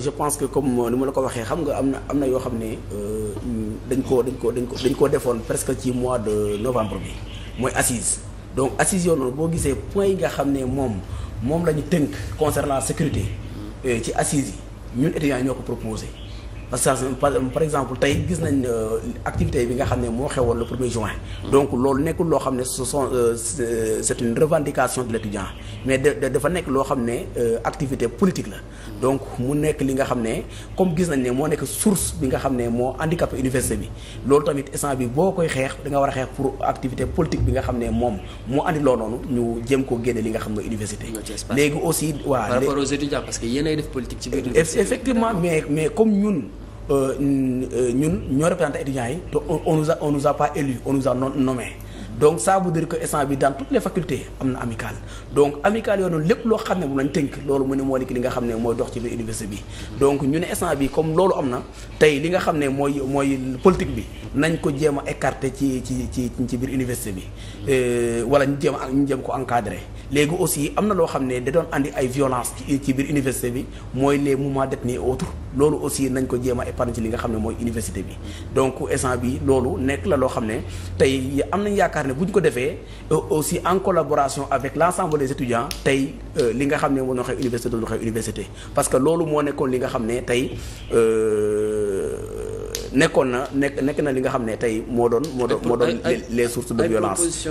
je pense que comme euh, ni ma la ko waxee xam nga am na am na yoo xam ne dañ euh, ko dañ koo dañ ko dañ koo defoon presque ci mois de novembre bi mooy assise donc assise yoo noonu boo gisee point yi nga xam ne moom moom la ñu tënk concernant sécurité euh, ci assise yi ñun étudiants ñoo ko proposé parce que par exemple tey gis nañ euh, activité bi nga xam ne moo xewoon le premier juin donc loolu nekkul loo xam ne ce sont euh, euh, c'est une revendication de l'étudiant mais dafa nekk loo xam ne activité politique la donc mu nekk li nga xam ne comme gis nañ ne moo nekk source bi nga xam ne moo handicapé université bi loolu tamit instant boo koy xeex da war a xeex pour activité politique bi nga xam ne moom moo andi loo noonu ñu jéem ko génne li nga xam ne université léegi aussi Euh, euh, ñun ñoo représenté étudiants yi te on nous a on nous a pas élu on nous a nommé donc ça veut dire que instant bi dans toutes les facultés am na amicale donc amicale yooyu lépp loo xam ne moom lañ tënk loolu mu ne moo nekk li nga xam ne mooy dox ci biir université bi donc ñu ne instant bi comme loolu am na tey li nga xam ne mooy mooy politique bi nañ ko jéem a écarter ci ci ci ci biir université bi euh, wala ñu jéem a ñu jéem ko encadrer léegi aussi am na loo xam ne da doon andi ay violence ci biir université bi mooy les mouvements détenus et autres loolu aussi nañ ko jéem ay épargne ci li nga xam ne mooy université bi donc instant bi loolu nekk la loo xam ne tey am nañ yaakaar ne bu ñu ko defee euh, aussi en collaboration avec l'ensemble des étudiants tey euh, li nga xam ne moo xew université doon xew université parce que loolu moo nekkoon li nga xam ne tey euh, nekkoon na nekk nekk na li nga xam ne tey moo doon moo doon moo doon les sources de violence